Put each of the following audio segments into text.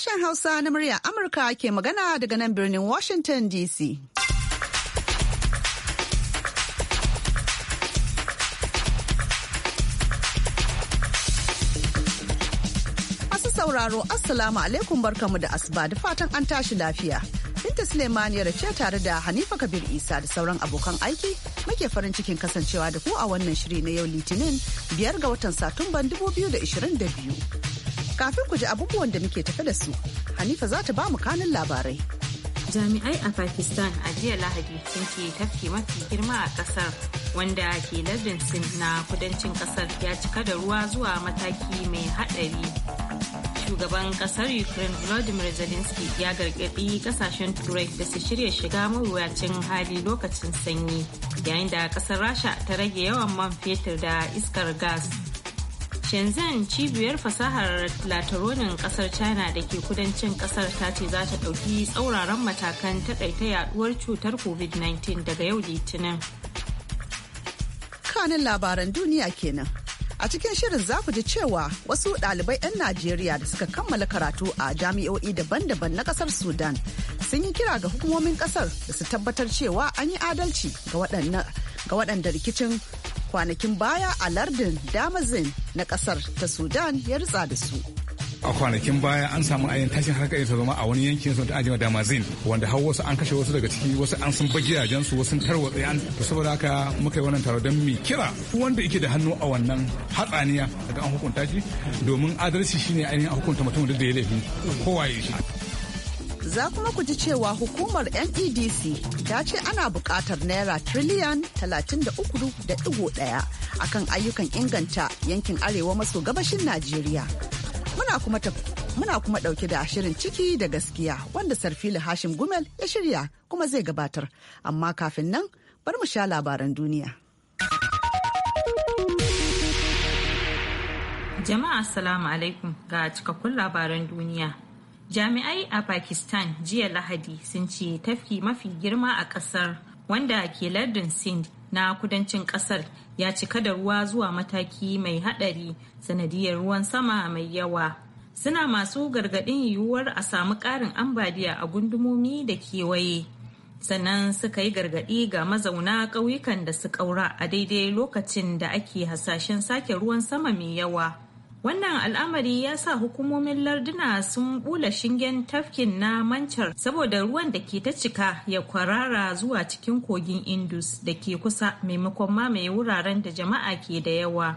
Sashen Hausa na murya Amurka ke magana daga nan birnin Washington DC. Masu sauraro, Assalamu alaikum barkamu da asuba da fatan an tashi lafiya. Binta ya ce tare da Hanifa Kabir Isa da sauran abokan aiki muke farin cikin kasancewa da ku a wannan shiri na yau Litinin biyar ga watan Satumban 2022. Kafin ku ji abubuwan da muke tafe da su, Hanifa za ta ba mu kanin labarai. Jami'ai a Pakistan a jiya Lahadi sun ke tafki mafi girma a kasar wanda ke lardin Sin na kudancin kasar ya cika da ruwa zuwa mataki mai haɗari. Shugaban kasar Ukraine Volodymyr Zelensky ya gargadi kasashen Turai da su shirya shiga mawuyacin hali lokacin sanyi yayin da kasar Rasha ta rage yawan man fetur da iskar gas. shenzhen cibiyar fasahar lataronin kasar china da ke kudancin kasar ta ce za ta ɗauki tsauraran matakan taɗaita yaduwar cutar covid-19 daga yau litinin kanin labaran duniya kenan a cikin shirin za ku ji cewa wasu ɗalibai 'yan najeriya da suka kammala karatu a jami'o'i daban-daban na ƙasar sudan sun yi kira ga hukumomin ƙasar da su tabbatar cewa an yi adalci ga waɗanda rikicin kwanakin baya a lardin damazin na kasar ta sudan ya ritsa da su a kwanakin baya an samu ayin tashin harkar ta zama a wani yankin sun ta damazin wanda har wasu an kashe wasu daga ciki wasu an sun bagi su wasu tarwatsa an to saboda haka muka yi wannan taro don mi kira wanda yake da hannu a wannan hatsaniya daga an hukunta shi domin adalci shine ainihin a hukunta mutum da ya laifi kowa ya shi za kuma ku ji cewa hukumar NEDC ta ce ana bukatar naira triliyan 33.1 akan ayyukan inganta yankin arewa maso gabashin Najeriya. Muna kuma dauke da shirin ciki da gaskiya wanda Sarfili Hashim Gumel ya shirya kuma zai gabatar. Amma kafin nan bar mu sha labaran duniya. Jama'a Assalamu alaikum ga cikakkun labaran duniya. Jami'ai a Pakistan jiya Lahadi sun ce tafki mafi girma a ƙasar wanda ke lardin Sindh na kudancin ƙasar ya cika da ruwa zuwa mataki mai haɗari sanadiyar ruwan sama mai yawa. Suna masu gargadin yiwuwar a samu karin ambaliya a gundumomi da kewaye. Sannan suka yi gargadi ga mazauna ƙauyukan da su ƙaura a daidai lokacin da ake hasashen sake ruwan sama mai yawa. Wannan al'amari ya sa hukumomin larduna sun bula shingen tafkin na mancar saboda ruwan da ke ta cika ya kwarara zuwa cikin kogin Indus da ke kusa maimakon mamaye wuraren da jama'a ke da yawa.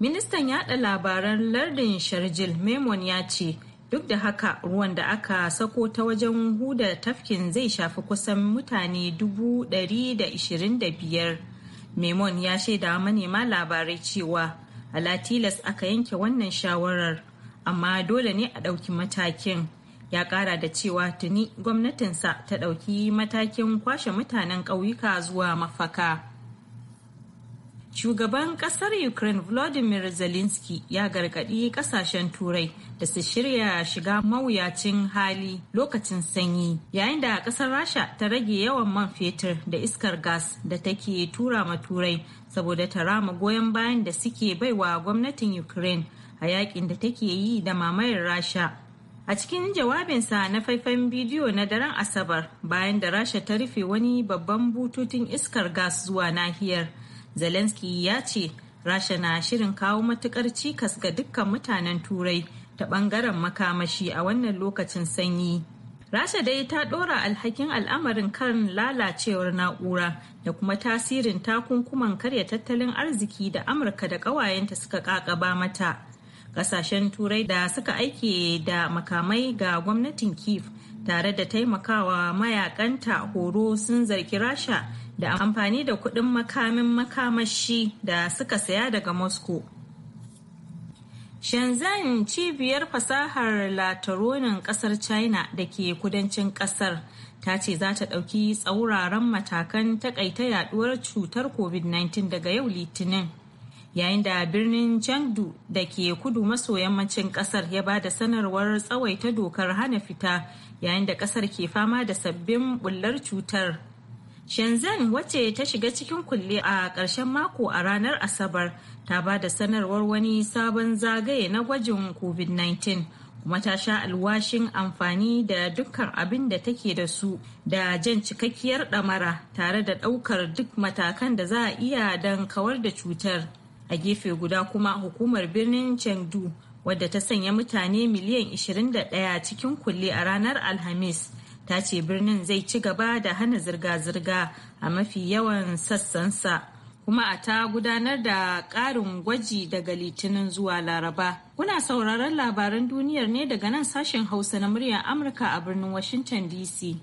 Ministan yada labaran lardin Sharjil Memon ya ce, duk da haka ruwan da aka sako ta wajen huda tafkin zai shafi kusan mutane dubu da da biyar, Memon ya shaida manema labarai cewa a latilas aka yanke wannan shawarar amma dole ne a ɗauki matakin ya ƙara da cewa tuni gwamnatinsa ta ɗauki matakin kwashe mutanen ƙauyuka zuwa mafaka Shugaban kasar Ukraine Volodymyr Zelensky ya gargaɗi ƙasashen Turai da su shirya shiga mawuyacin hali lokacin sanyi yayin da ƙasar Rasha ta rage yawan man fetur da iskar gas da take tura ma Turai saboda ta rama goyon bayan da suke baiwa gwamnatin Ukraine a yakin da take yi da mamayar Rasha. A cikin jawabinsa na faifan bidiyo na daren Asabar bayan da Rasha ta rufe wani babban bututun iskar gas zuwa nahiyar. zelensky ya ce rasha na shirin kawo matukar cikas ga dukkan mutanen turai ta bangaren makamashi a wannan lokacin sanyi rasha dai ta dora alhakin al'amarin kan lalacewar na'ura da kuma tasirin takunkuman karya tattalin arziki da amurka da ƙawayenta suka kakaba mata kasashen turai da suka aike da makamai ga gwamnatin kiev tare da taimakawa mayakanta horo sun zargi rasha da amfani da kuɗin makamin makamashi da suka saya daga moscow shenzhen cibiyar fasahar lataronin kasar china da ke kudancin kasar ta ce za ta ɗauki tsauraran matakan takaita yaduwar cutar covid-19 daga yau litinin yayin da birnin chengdu da ke kudu maso yammacin kasar ya ba da sanarwar tsawaita dokar hana fita yayin da kasar ke fama da sabbin bullar cutar Shenzhen wacce ta shiga cikin kulle a ƙarshen mako a ranar Asabar ta ba da sanarwar wani sabon zagaye na gwajin COVID-19 kuma ta sha alwashin amfani da dukkan abin da take da su da jan cikakkiyar ɗamara tare da ɗaukar duk matakan da za a iya don kawar da cutar. A gefe guda kuma hukumar birnin Chengdu wadda ta sanya mutane miliyan 21 cikin kulle a ranar Alhamis. ta ce birnin zai ci gaba da hana zirga-zirga a mafi yawan sassansa kuma a ta gudanar da ƙarin gwaji daga litinin zuwa laraba kuna sauraron labaran duniyar ne daga nan sashen hausa na muryar amurka a birnin washington dc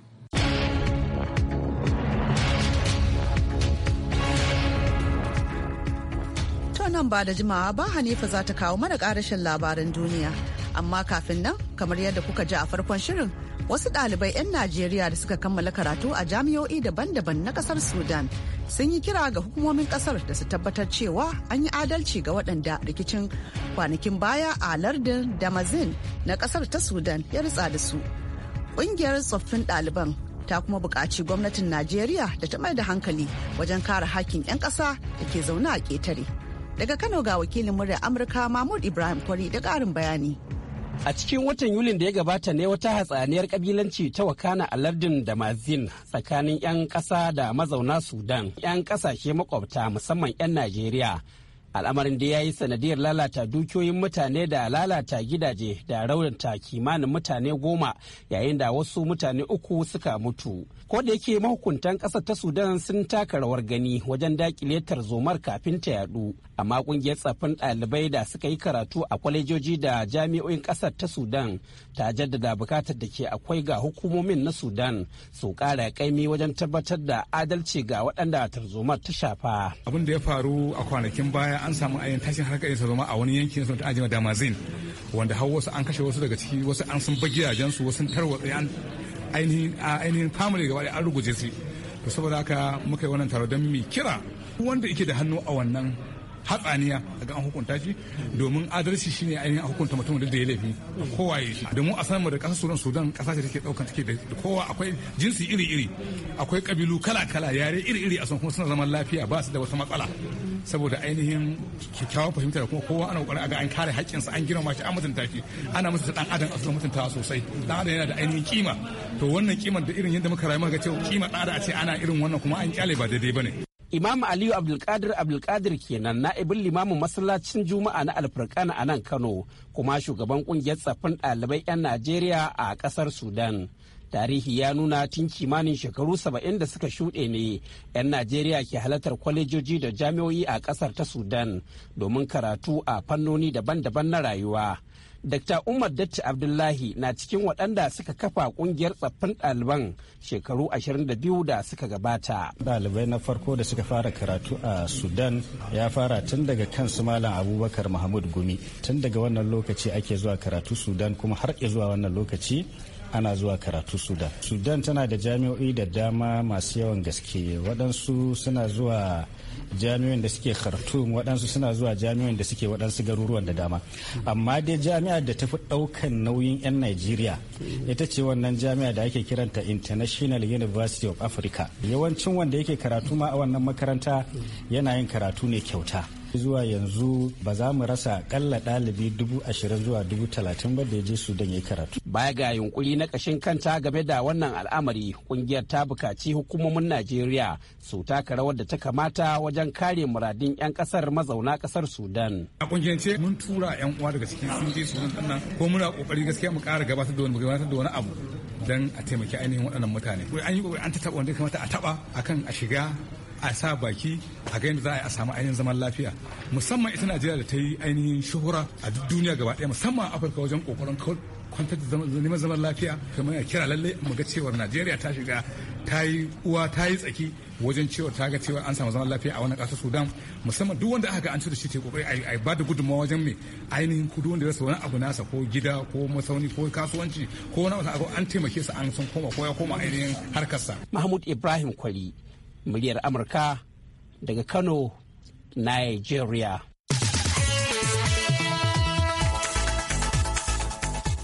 nan ba da jimawa ba Hanifa za ta kawo mana karashin labaran duniya. Amma kafin nan, kamar yadda kuka ji a farkon shirin, wasu ɗalibai 'yan najeriya da suka kammala karatu a jami'o'i daban-daban na ƙasar sudan sun yi kira ga hukumomin ƙasar da su tabbatar cewa an yi adalci ga waɗanda rikicin kwanakin baya a lardin damazin na ƙasar ta sudan ya ritsa da su ƙungiyar tsoffin ɗaliban ta kuma buƙaci gwamnatin najeriya da ta mai da hankali wajen kare hakkin 'yan ƙasa da ke zaune a ƙetare daga kano ga wakilin murya amurka mahmud ibrahim kwari da ƙarin bayani A cikin watan Yulin da ya gabata ne wata hatsaniyar kabilanci ta wakana a lardin Damazin tsakanin 'yan ƙasa da mazauna Sudan, 'yan ƙasashe makwabta musamman 'yan Najeriya al'amarin da ya yi sanadiyar lalata dukiyoyin mutane da lalata gidaje da raunata kimanin mutane goma yayin da wasu mutane uku suka mutu ko da yake mahukuntan ƙasar ta sudan sun taka rawar gani wajen dakile tarzomar kafin ta yadu amma ƙungiyar tsaffin ɗalibai da suka yi karatu a kwalejoji da jami'o'in ƙasar ta sudan ta jaddada bukatar da ke akwai ga hukumomin na sudan su ƙara ƙaimi wajen tabbatar da adalci ga waɗanda tarzomar ta shafa abin da ya faru a kwanakin baya an samu ayin tashin harkar isa zama a wani yankin sun ta ajima damazin wanda har wasu an kashe wasu daga ciki wasu an sun bagi gidajensu wasu tarwatsa an ainihin ainihin family gaba an ruguje su to saboda haka muka yi wannan taro don mi kira wanda yake da hannu a wannan hatsaniya a ga an hukunta shi domin adalci shine ainihin hukunta mutum da ya laifi kowa ya shi domin a sanar da kasar sudan sudan kasa ce take ɗaukan take da kowa akwai jinsi iri-iri akwai ƙabilu kala-kala yare iri-iri a san kuma suna zaman lafiya ba su da wata matsala saboda ainihin kyakkyawan fahimta da kuma kowa ana kokarin ga an kare haƙƙinsa an girma shi an mutunta shi ana mutunta dan adam a asalin mutunta sosai dan adam yana da ainihin kima to wannan kimar da irin yadda muka rayu muka ga cewa kima dan adam a ce ana irin wannan kuma an kyale ba daidai bane Imam Aliyu Abdulkadir Abdulkadir kenan na'ibin limamin masallacin Juma'a na Alfurkana a nan Kano kuma shugaban kungiyar tsaffin ɗalibai 'yan Najeriya a ƙasar Sudan. Tarihi ya nuna tun kimanin shekaru saba'in da suka shuɗe ne 'yan Najeriya ke halartar kwalejoji da jami'o'i a ƙasar ta Sudan domin karatu a fannoni daban-daban na rayuwa. Dr. Umar Datti Abdullahi na cikin waɗanda suka kafa ƙungiyar tsaffin ɗaliban shekaru 22 da suka gabata. Ɗalibai na farko da suka fara karatu a Sudan ya fara tun daga kansu Malam Abubakar Mahmud Gumi. Tun daga wannan lokaci ake zuwa karatu Sudan kuma har zuwa wannan lokaci ana zuwa karatu Sudan. Sudan tana da jami'o'i da dama masu yawan gaske waɗansu suna zuwa jami'an da suke khartoum waɗansu suna zuwa jami'an da suke waɗansu garuruwan da dama amma dai jami'a da tafi ɗaukan nauyin 'yan najeriya ita ce wannan jami'a da ake kiranta international university of africa yawancin wanda yake karatu ma a wannan makaranta yana yin karatu ne kyauta zuwa yanzu ba za mu rasa kalla ɗalibi dubu ashirin zuwa dubu talatin ba da ya je sudan ya karatu baya ga yunkuri na ƙashin kanta game da wannan al'amari ƙungiyar ta buƙaci hukumomin najeriya su taka rawar da ta kamata wajen kare muradin 'yan ƙasar mazauna ƙasar sudan a ƙungiyance mun tura 'yan uwa daga cikin sun je sudan ɗan ko muna ƙoƙari gaskiya mu ƙara gabatar da wani gabatar da wani abu don a taimaki ainihin waɗannan mutane an yi ƙoƙari an ta taɓa wanda kamata a taɓa akan a shiga a sa baki a ga yadda za a samu ainihin zaman lafiya musamman ita najeriya da ta yi ainihin shuhura a duk duniya gaba ɗaya musamman afirka wajen kokarin kwantar da neman zaman lafiya kamar ya kira lallai mu ga cewar najeriya ta shiga ta yi uwa ta yi tsaki wajen cewa ta ga cewa an samu zaman lafiya a wannan ƙasar sudan musamman duk wanda aka ga an ci da shi ke kokari a ba da gudunmawa wajen mai ainihin kudu wanda rasa wani abu nasa ko gida ko masauni ko kasuwanci ko wani abu an taimake su an sun koma ko ya koma ainihin harkarsa mahmud ibrahim kwari muryar amurka daga kano nigeria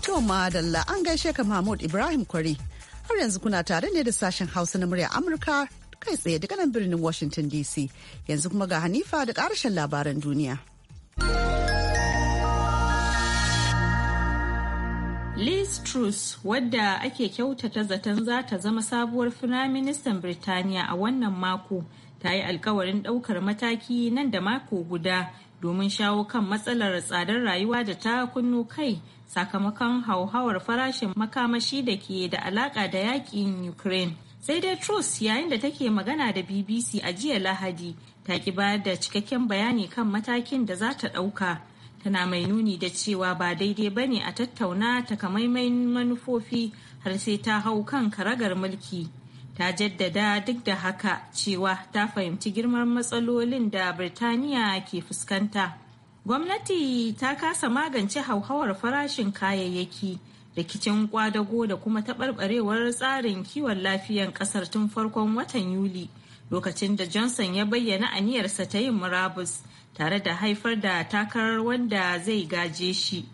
to madalla an gaishe ka mahmud ibrahim kwari har yanzu kuna tare ne da sashen hausa na muryar amurka kai tsaye daga nan birnin washington dc yanzu kuma ga hanifa da karshen labaran duniya Liz Truss wadda ake kyautata zaton za ta zama sabuwar Firaministan Birtaniya a wannan mako ta yi alkawarin ɗaukar mataki nan da mako guda domin shawo kan matsalar tsadar rayuwa da ta kunnu kai sakamakon hauhawar farashin makamashi da ke da alaƙa da yaƙin Ukraine. Sai dai Truss yayin da take magana da BBC a jiya Lahadi ta ki bayar da cikakken bayani kan matakin da za ta ɗauka. tana mai nuni da cewa ba daidai ba ne a tattauna takamaiman manufofi har sai ta hau kan karagar mulki ta jaddada duk da haka cewa ta fahimci girman matsalolin da birtaniya ke fuskanta gwamnati ta kasa magance hauhawar farashin kayayyaki rikicin kwadago da kuma taɓarɓarewar tsarin kiwon lafiyan ƙasar tun farkon watan yuli lokacin da johnson ya bayyana aniyarsa ta yin murabus tare da haifar da takarar wanda zai gaje shi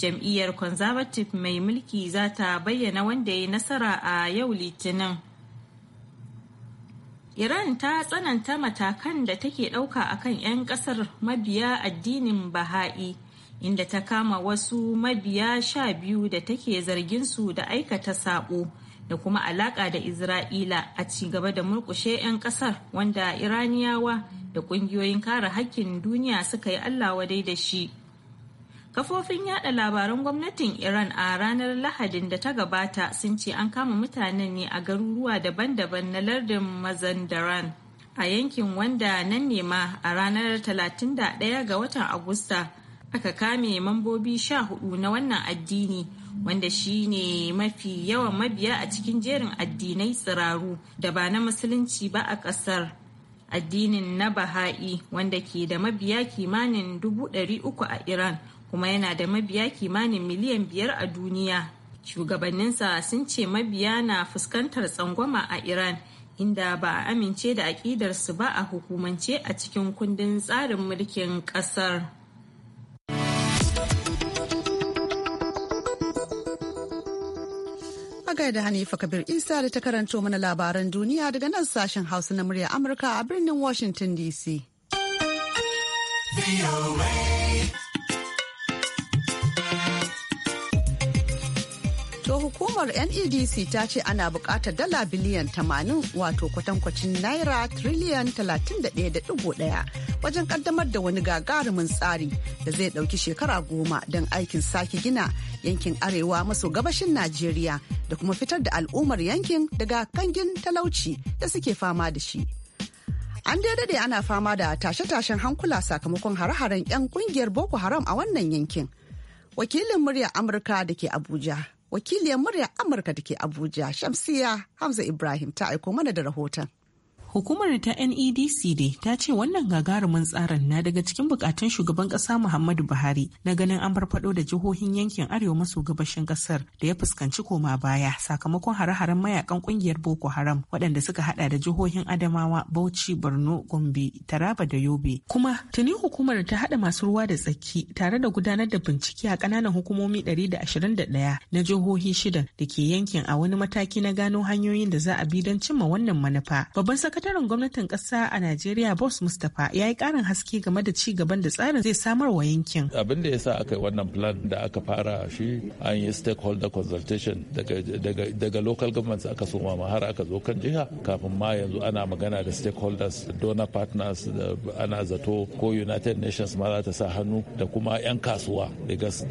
jam'iyyar conservative mai mulki za ta bayyana wanda ya nasara a yau litinin iran ta tsananta matakan da take ɗauka akan 'yan ƙasar mabiya addinin baha'i inda ta kama wasu mabiya sha biyu da take zargin su da aikata saƙo da kuma alaka da Isra'ila a ci gaba da murkushe 'yan kasar wanda Iraniyawa da kungiyoyin kare hakkin duniya suka yi Allah wadai da shi. Kafofin yada labaran gwamnatin Iran a ranar Lahadin da ta gabata sun ce an kama mutanen ne a garuruwa daban-daban na lardin Mazandaran a yankin wanda nan ne ma a ranar 31 ga watan Agusta aka kame mambobi sha 14 na wannan addini wanda shi ne mafi yawan mabiya a cikin jerin addinai tsiraru da ba na musulunci ba a ƙasar addinin na baha'i wanda ke da mabiya kimanin dubu uku a iran kuma yana da mabiya kimanin miliyan biyar a duniya shugabanninsa sun ce mabiya na fuskantar tsangwama a iran inda ba a amince da aƙidarsu ba a hukumance a cikin kundin tsarin mulkin ƙasar. a gaida Hanifa Kabir Isa da ta karanto mana labaran duniya daga nan sashen Hausa na murya Amurka a birnin Washington DC. hukumar NEDC ta ce ana bukatar dala biliyan 80 wato kwatankwacin naira triliyan 31.1 wajen kaddamar da wani gagarumin tsari da zai ɗauki shekara goma don aikin sake gina yankin arewa maso gabashin Najeriya da kuma fitar da al'ummar yankin daga kangin talauci da suke fama da shi. An dade ana fama da tashe-tashen hankula sakamakon hare-haren 'yan kungiyar Boko Haram a wannan yankin. Wakilin murya Amurka da ke Abuja, wakiliyar murya amurka da ke abuja shamsiya hamza ibrahim ta aiko mana da rahoton Hukumar ta NEDC ne ta ce wannan gagarumin tsarin na daga cikin bukatun shugaban kasa Muhammadu Buhari na ganin an farfado da jihohin yankin Arewa maso gabashin kasar da ya fuskanci koma baya sakamakon hare-haren mayakan kungiyar Boko Haram waɗanda suka hada da jihohin Adamawa, Bauchi, Borno, Gombe, Taraba da Yobe. Kuma tuni hukumar ta hada masu ruwa da tsaki tare da gudanar da bincike a ƙananan hukumomi 121 na jihohi shida da ke yankin a wani mataki na gano hanyoyin da za a bi don cimma wannan manufa. Babban saka sakataren gwamnatin kasa a najeriya boss mustapha ya yi karin haske game da ci gaban da tsarin zai samar wa yankin abin da ya sa aka yi wannan plan da aka fara shi an yi stakeholder consultation daga local governments aka soma ma har aka zo kan jiha kafin ma yanzu ana magana da stakeholders donor partners da ana zato ko united nations ma za ta sa hannu da kuma 'yan kasuwa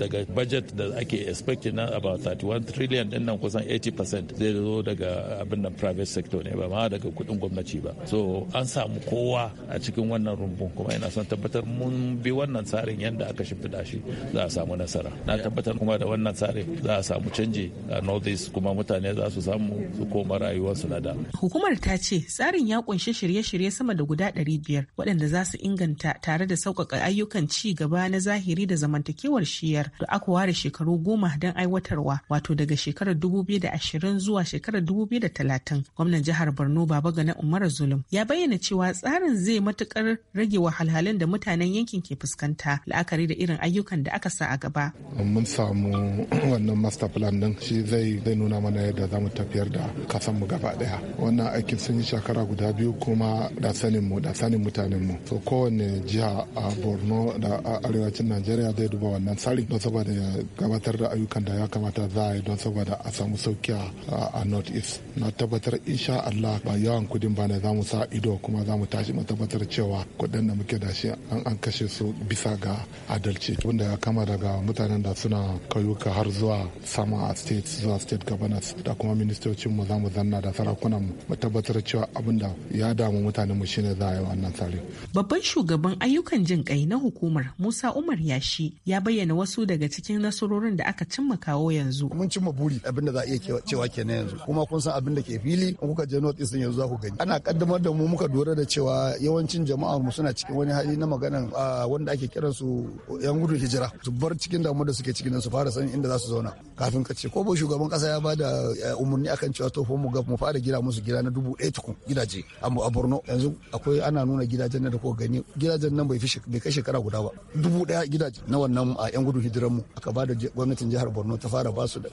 daga budget da ake expecting na about 31 trillion din nan kusan 80% zai zo daga abin nan private sector ne ba ma daga kudin gwamnati aiki ba so an samu kowa a cikin wannan rumbun kuma ina son tabbatar mun bi wannan tsarin yadda aka shimfiɗa shi za a samu nasara na tabbatar kuma da wannan tsarin za a samu canji a northeast kuma mutane za su samu su koma rayuwarsu na da hukumar ta ce tsarin ya kunshi shirye-shirye sama da guda 500 waɗanda za su inganta tare da sauƙaƙa ayyukan ci gaba na zahiri da zamantakewar shiyar da aka ware shekaru goma don aiwatarwa wato daga shekarar 2020 zuwa shekarar 2030 gwamnan jihar borno baba gana umar kara zulum ya bayyana cewa tsarin zai matukar rage wahalhalun da mutanen yankin ke fuskanta la'akari da irin ayyukan da aka sa a gaba. Mun samu wannan master plan din shi zai zai nuna mana yadda za mu tafiyar da kasan mu gaba daya. Wannan aikin sun yi shakara guda biyu kuma da sanin mu da sanin mutanen mu. So kowanne jiha a Borno da arewacin Najeriya zai duba wannan tsari don saboda ya gabatar da ayyukan da ya kamata za a yi don saboda a samu sauki a North East. Na tabbatar insha Allah ba yawan kudin bana ne za mu sa ido kuma za mu tashi mu tabbatar cewa kuɗin da muke da shi an an kashe su bisa ga adalci wanda ya kama daga mutanen da suna kayuka har zuwa sama a state zuwa state governors da kuma ministocin mu za mu zanna da sarakunan mu mu tabbatar cewa abin da ya damu mutanen mu shine za a yi wannan tsari. Babban shugaban ayyukan jin kai na hukumar Musa Umar Yashi ya bayyana wasu daga cikin nasarorin da aka cimma kawo yanzu. Mun cimma buri abin da za a iya cewa kenan yanzu kuma kun san abin da ke fili kuka je north east yanzu za ku gani ana kaddamar da mu muka dora da cewa yawancin jama'ar mu suna cikin wani hali na maganan wanda ake kiran su yan gudu hijira su bar cikin damu da suke cikin su fara sanin inda za su zauna kafin ka ce ko ba shugaban kasa ya bada eh, umarni akan cewa to mu ga mu fara gida musu gida na dubu ɗaya tukun gidaje a Borno yanzu akwai ana nuna gidajen nan da ko gani gidajen nan bai kai shekara guda ba dubu ɗaya gidaje na wannan a yan gudu hijiran mu aka bada gwamnatin jihar Borno ta fara ba su da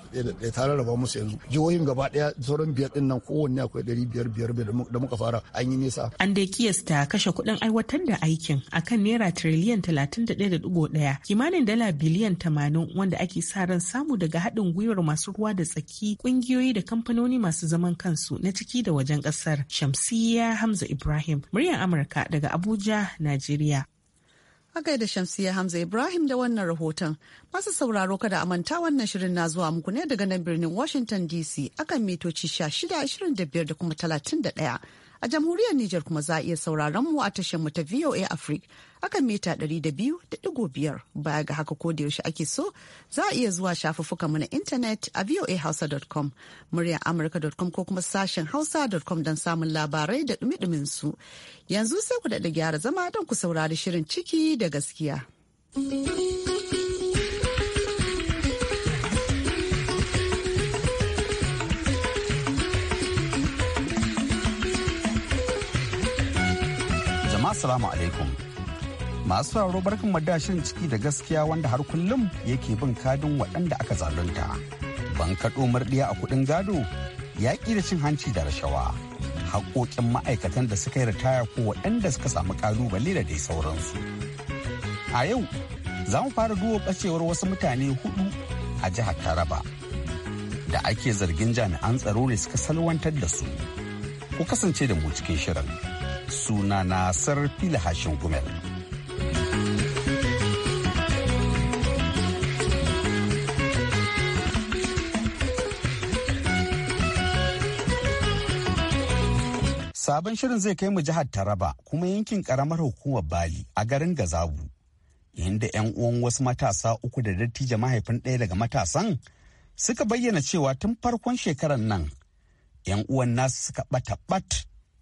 ta rarraba musu yanzu jihohin gaba ɗaya sauran biyar ɗin nan kowanne akwai ɗari biyar biyar da muka fara an yi nisa. An dai kiyasta kashe kuɗin aiwatar da aikin akan naira tiriliyan da 31.1 kimanin dala biliyan tamanin, wanda ake sa ran samu daga haɗin gwiwar masu ruwa da tsaki ƙungiyoyi da kamfanoni masu zaman kansu na ciki da wajen ƙasar. Shamsiyya Hamza Ibrahim, muryar Amurka daga Abuja, Najeriya. a da shamsiya hamza ibrahim da wannan rahoton masu sauraro kada a manta wannan shirin na zuwa muku ne daga nan birnin washington dc akan mitoci 1625 da kuma 31 A jamhuriyar Nijar kuma za a iya sauraron mu a tashar mu ta VOA Africa akan mita 200.5 baya ga haka ko da yaushe ake so za a iya zuwa shafuffukan mu na intanet a voahausa.com muryar amurka.com ko kuma sashen hausa.com don samun labarai da dumi su. Yanzu sai ku daɗa gyara zama don ku saurari shirin ciki da gaskiya. Assalamu alaikum. Masu sauraro barkan madashin ciki da gaskiya wanda har kullum yake bin kadin waɗanda aka zalunta. Ban kaɗo murɗiya a kuɗin gado, yaƙi da cin hanci da rashawa, haƙoƙin ma'aikatan da suka yi ritaya ko waɗanda suka samu ƙalubale da dai sauransu. A yau, za mu fara duba ɓacewar wasu mutane hudu a jihar Taraba da ake zargin jami'an tsaro ne suka salwantar da su. Ku kasance da mu cikin shirin. suna na fili hashin gumel sabon shirin zai kai mu jihar taraba kuma yankin karamar hukumar bali a garin gazabu inda 'yan uwan wasu matasa uku da dattija mahaifin ɗaya daga matasan suka bayyana cewa tun farkon shekarar nan 'yan uwan nasu suka ɓata ɓat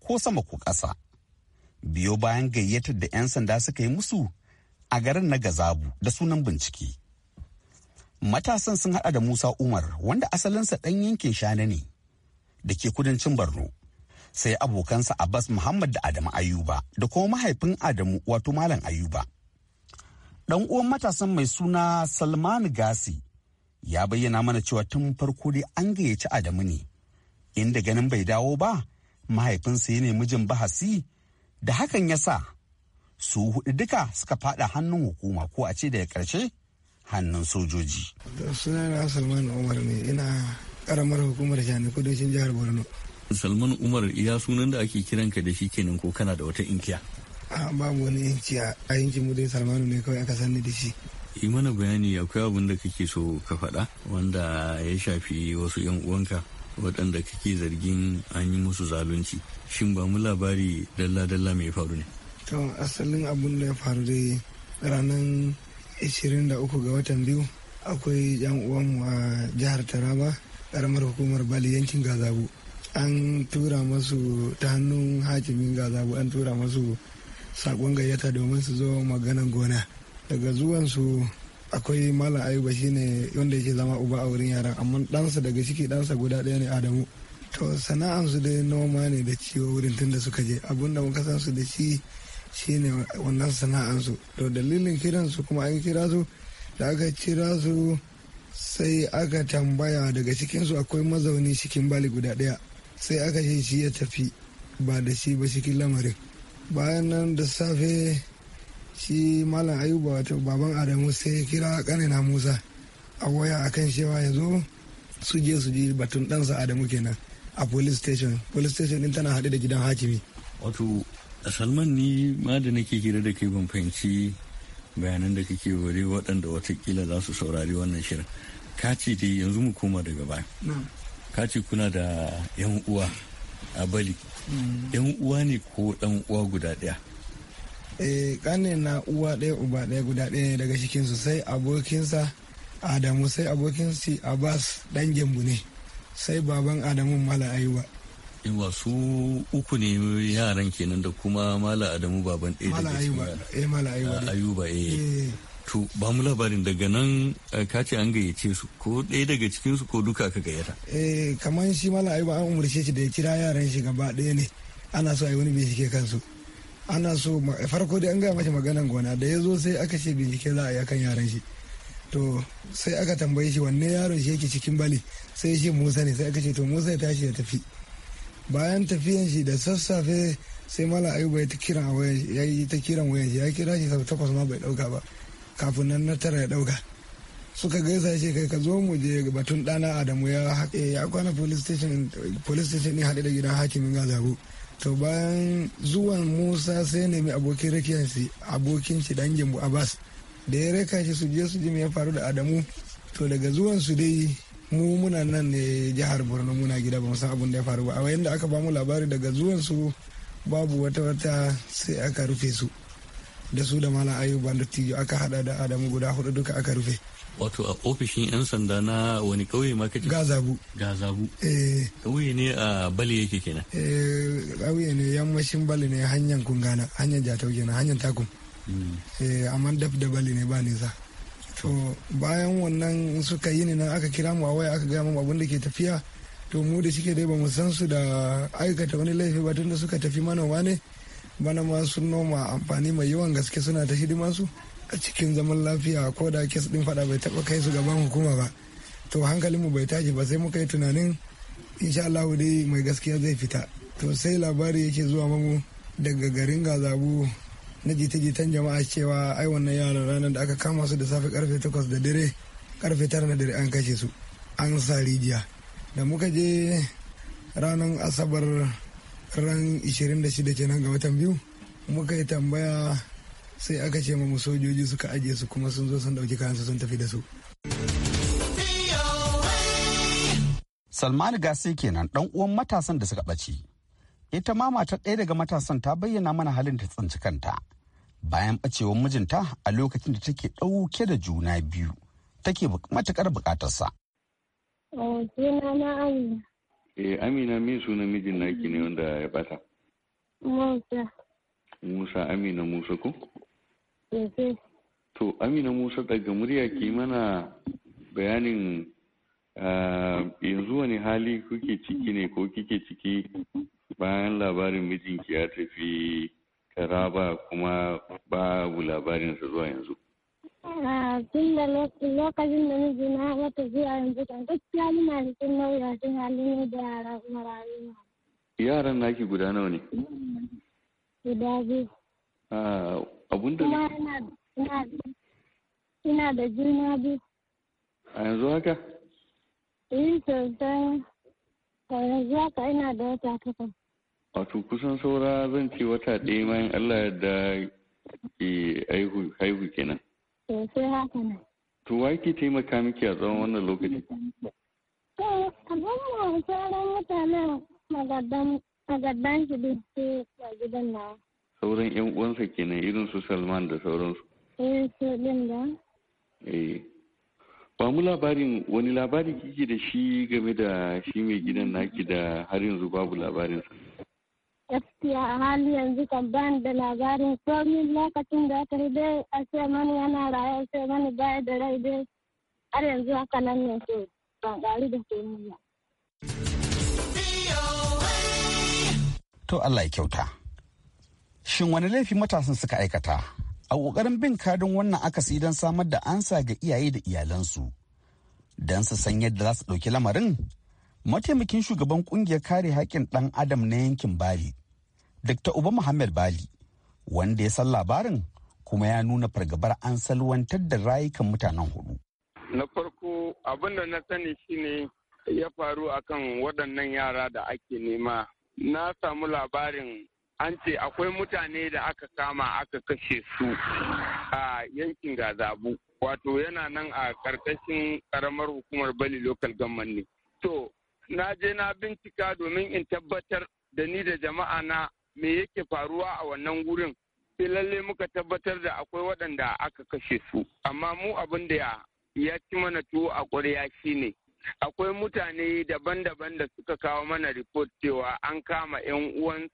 ko sama ko ƙasa biyo bayan gayyatar da 'yan sanda suka yi musu a garin na gazabu da sunan bincike matasan sun haɗa da musa umar wanda asalinsa ɗan yankin shana ne da ke kudancin borno sai abokansa abbas muhammad da adamu ayuba da kuma mahaifin adamu wato malam ayuba dan uwan matasan mai suna salman gasi ya bayyana mana cewa tun farko dai an gayyaci adamu ne inda ganin bai dawo ba mahaifinsa ya nemi jin bahasi da hakan ya sa su hudu duka suka fada hannun hukuma ko a ce daga karshe hannun sojoji. sunana salman umar ne ina karamar hukumar shani kudancin jihar borno. salman umar ya sunan da ake kiranka da shi kenan ko kana da wata inkiya. a babu wani inkiya a yankin mu dai salmanu ne kawai aka sani da shi. yi mana bayani akwai abin da kake so ka faɗa wanda ya shafi wasu yan uwanka waɗanda kake zargin an yi musu zalunci shin ba mu labari dalla-dalla mai faru ne to asalin abun da ya faru dai ranar 23 ga watan biyu akwai yan uwan wa jihar taraba karamar hukumar bali yankin gazabu an tura masu ta hannun hakimin gazabu an tura masu saƙon gayyata domin su zo maganan gona daga zuwansu akwai mala ayuba shine wanda yake zama uba a wurin yara amma ɗansa daga ciki ɗansa guda ɗaya ne adamu to sana'ansu dai noma ne da ciwo wurin tun da suka je abinda muka san su da shi shine wannan sana'ansu to dalilin kiransu kuma an kira su da aka kira su sai aka tambaya daga cikinsu akwai mazauni cikin bali guda ɗaya sai aka shi shi ya tafi ba da shi ba cikin lamarin bayan nan da safe shi malam ayuba wato baban adamu sai ya kira kanina musa a waya a kan cewa ya zo su je su ji batun ɗansa adamu kenan a police station police station din tana haɗe da gidan hakimi wato salman ni ma da nake kira da kai ban fahimci bayanan da kake ware waɗanda watakila za su saurari wannan shirin ka ce dai yanzu mu koma daga baya ka ce kuna da yan uwa a bali yan mm. uwa ne ko ɗan uwa guda ɗaya eh kane na uwa ɗaya uba ɗaya guda ɗaya ne daga cikinsu sai abokinsa adamu sai abokinsa abbas ɗan gembu ne sai baban adamu mala ayuba yawa su uku ne yaran kenan da kuma mala adamu baban ɗaya daga cikin eh, mala ayuba eh. eh to ba mu labarin daga nan eh, ka ce an gayyace su ko ɗaya daga cikin su ko duka ka gayyata eh kamar shi mala ayuba an umarce shi da ya kira yaran shi gaba ɗaya ne ana so a yi wani bincike kansu ana so eh, farko dai an gaya mace maganan gona da ya zo sai aka ce bincike za a yi akan yaran shi to sai aka tambaye shi wanne yaron shi yake cikin bali sai shi musa ne sai aka ce to musa ya tashi ya tafi bayan tafiyan shi da sassafe sai mala ayuba ya ta kiran a wayan ya kiran wayan shi ya kira shi sau takwas ma bai dauka ba kafin nan na tara ya dauka suka gaisa ce kai ka zo mu je batun dana adamu ya kwana police station police station ne hade da gidan hakimin gazabu to bayan zuwan musa sai nemi abokin rakiyar shi abokin shi dan gembu abbas da ya raka shi su je su ji ya faru da adamu to daga zuwan su dai mu muna nan ne jihar borno muna gida ba san abin da ya faru ba a da aka bamu labari daga zuwan su babu wata wata sai aka rufe su da su da malam ayuba da tijo aka hada da adamu guda hudu duka aka rufe wato a ofishin 'yan sanda na wani kauye ma kace gazabu gazabu eh. kauye ne a bali yake kenan eh, kauye ne yammacin bali ne hanyar kungana hanyar jatau kenan hanyar takun hmm. eh, amma daf da bali ne ba nisa to bayan wannan suka yi ne nan aka kira mu a waya aka gaya mu abin da ke tafiya to mu da shike dai ba mu san su da aikata wani laifi ba tunda suka tafi manoma ne bana ma sun noma amfani mai yawan gaske suna ta hidimansu su a cikin zaman lafiya ko da kes din fada bai taba kai su gaban hukuma ba to hankalinmu bai tashi ba sai muka yi tunanin insha Allah dai mai gaskiya zai fita to sai labari yake zuwa mamu daga garin gazabu na jita-jitan jama'a cewa ai wannan yaran ranar da aka kama su da safe karfe 8 da dare karfe 9 na dare an kashe su an sa rijiya da muka je ranar asabar ran 26 kenan ga watan biyu muka yi tambaya sai aka ce mu sojoji suka ajiye su kuma sun zo sun ɗauki kayansu sun tafi da su. Salmanu Gasi kenan dan uwan matasan da suka ɓace. Ita ma matar ɗaya daga matasan ta bayyana mana halin ta tsinci kanta. Bayan ɓacewar mijinta a lokacin da take ɗauke da juna biyu take matuƙar buƙatarsa. Oh, suna na Amina. Eh Amina min suna mijin naki ne wanda ya ɓata? Musa. Musa Amina Musa ko? To Amina Musa daga murya ke mana bayanin eh, yanzu wani hali kuke ciki ne ko kike ciki bayan labarin mijinki ya tafi taraba kuma babu labarinsa zuwa yanzu. Ah, tun da lokacin da mijina ya tafi a yanzu kan gaskiya muna cikin mawuyacin hali ne da yara rayuwa. Yaran naki guda nawa ne? Guda biyu. Ah, abinda da ina da juna biyu a yanzu haka yin eh, sosai a yanzu haka ina da wata takwas wato kusan saura zan ce wata ɗaya mayan in Allah da ke haihu kenan sosai haka ne to wa ke taimaka miki a tsawon wannan lokaci kamar sauran mutanen magadan shi duk a gidan nawa sauran yan uwansa kenan irin su salman da sauransu eh din da eh ba mu labarin wani labari kike da shi game da shi mai gidan naki da har yanzu babu labarin sa. gaskiya a hali yanzu kan ban da labarin komin lokacin da aka dai a ce mani yana raye a ce mani baya da rai dai har yanzu haka nan ne so ban ƙari da komi ba. To Allah ya kyauta. Shin wani laifi matasan suka aikata? A ƙoƙarin bin kadin wannan akasi don samar da ansa ga iyaye da iyalansu. Don su san yadda za su ɗauki lamarin? Mataimakin shugaban ƙungiyar kare haƙƙin ɗan Adam na yankin Bali, Dr. Uba Muhammad Bali, wanda ya san labarin kuma ya nuna fargabar an salwantar da rayukan mutanen hudu. Na farko abin da na sani shine ya faru akan waɗannan yara da ake nema. Na samu labarin an ce akwai mutane da aka kama aka kashe su a yankin gazabu wato yana nan a karkashin karamar hukumar bali local government ne to na je na bincika domin in tabbatar da ni da jama'a na me yake faruwa a wannan gurin sai lalle muka tabbatar da akwai waɗanda aka kashe su amma mu abin da ya ci mana tuwo a ƙwarya shine akwai mutane daban-daban da suka kawo mana report cewa an kama 'yan uwan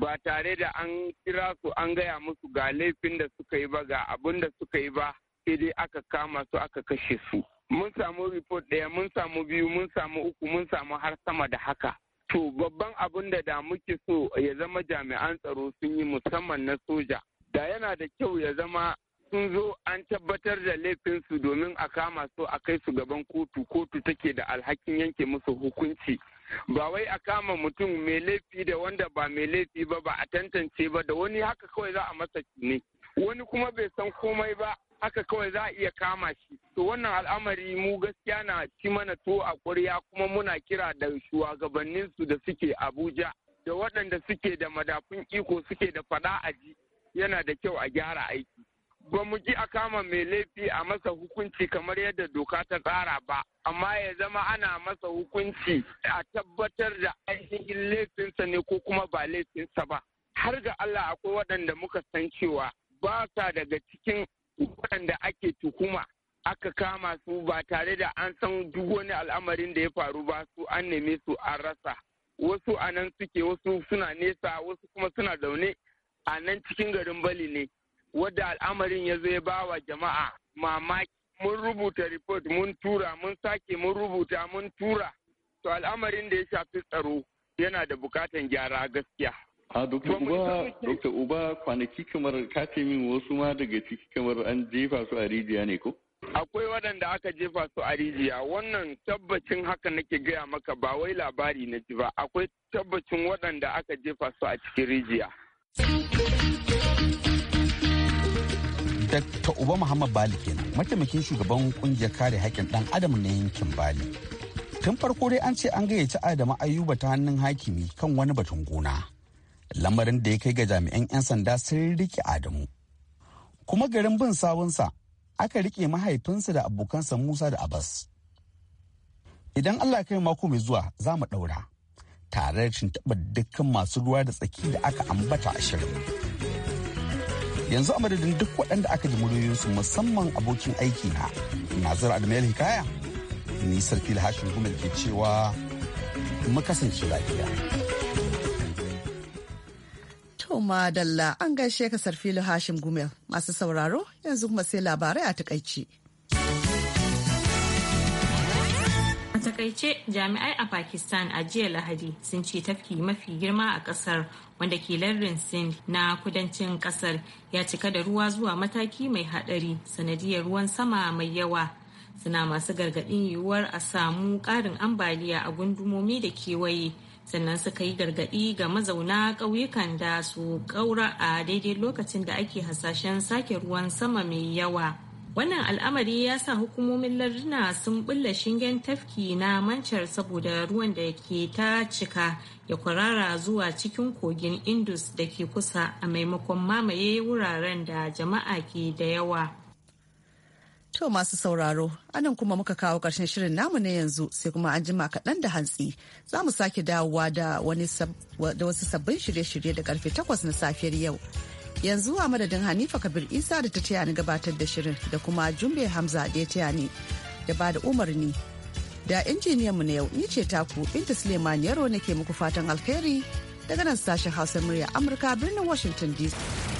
ba tare da an kira su an gaya musu ga laifin da suka yi ba ga abin da suka yi ba sai dai aka kama su aka kashe su mun samu report ɗaya mun samu biyu mun samu uku mun samu har sama da haka to babban abin da da muke so ya zama jami'an tsaro sun yi musamman na soja da yana da kyau ya zama sun zo an tabbatar da laifinsu domin a kama su a kai su gaban kotu kotu take da alhakin yanke musu hukunci ba wai a kama mutum mai laifi da wanda ba mai laifi ba ba a tantance ba da wani haka kawai za a masa ne wani kuma bai san komai ba haka kawai za a iya kama shi to wannan al'amari mu gaskiya na ci mana to a ƙwarya kuma muna kira da shugabanninsu da suke abuja da waɗanda suke da madafun iko suke da faɗa aji yana da kyau a gyara aiki ba mu ji a kama mai laifi a masa hukunci kamar yadda doka ta tsara ba amma ya zama ana masa hukunci a tabbatar da ainihin laifinsa ne ko kuma ba laifinsa ba har ga Allah akwai waɗanda muka san cewa ba sa daga cikin waɗanda ake tuhuma aka kama su ba tare da an san duk wani al'amarin da ya faru ba su an neme su an rasa wasu a nan suke wasu suna nesa wasu kuma suna zaune a nan cikin garin bali ne wadda al'amarin ya zai ba wa jama'a mamaki mun rubuta report mun tura mun sake mun rubuta mun tura to al'amarin da ya shafi tsaro yana da bukatan gyara gaskiya a dokta uba kwanaki kamar kace min wasu ma daga ciki kamar an jefa su a rijiya ne ko akwai waɗanda aka jefa su a rijiya wannan tabbacin haka nake gaya maka ba wai labari na ji ba akwai tabbacin waɗanda aka jefa su a cikin rijiya. ta uba muhammad bali kenan mataimakin shugaban kungiyar kare haƙƙin ɗan adam na yankin bali tun farko dai an ce an gayyaci adama ayuba ta hannun hakimi kan wani batun gona lamarin da ya kai ga jami'an 'yan sanda sun rike adamu kuma garin bin sawunsa aka rike mahaifinsa da abokansa musa da abbas idan allah kai mako mai zuwa za mu ɗaura tare da tuntuɓar dukkan masu ruwa da tsaki da aka ambata a shirin yanzu a madadin duk waɗanda aka ji muryoyinsu musamman abokin aiki na nazar admiral hikaya ni sarfi hashin gumel ke cewa mu kasance lafiya to dalla an gaishe ka sarfi hashim gumel masu sauraro yanzu kuma sai labarai a takaici. takaice jami'ai a Pakistan a jiya Lahadi sun ce tafki mafi girma a kasar wanda ke lardin Sindh na kudancin kasar ya cika da ruwa zuwa mataki mai hadari sanadiyar ruwan sama mai yawa. Suna masu gargaɗin yiwuwar a samu ƙarin ambaliya a gundumomi da kewaye. sannan suka yi gargaɗi ga mazauna ƙauyukan da su ƙaura a daidai lokacin da ake hasashen sake ruwan sama mai yawa. Wannan al'amari ya sa hukumomin larduna sun bulla shingen tafki na mancar saboda ruwan da ke ta cika ya kwarara zuwa cikin kogin Indus da ke kusa a maimakon mamaye wuraren da jama'a ke da yawa. To masu sauraro, anan kuma muka kawo ƙarshen shirin namu na yanzu sai kuma an jima kaɗan da hantsi. Za mu sake dawowa da wasu sabbin shirye-shirye da karfe takwas na safiyar yau. yanzu a madadin hanifa kabir isa da ta taya ni gabatar da shirin da kuma jumbe hamza da ya taya ni da ba da umarni da injiniyanmu na yau ni ce taku binta suleiman yaro nake muku fatan alheri daga nan sashen hausa murya amurka birnin washington dc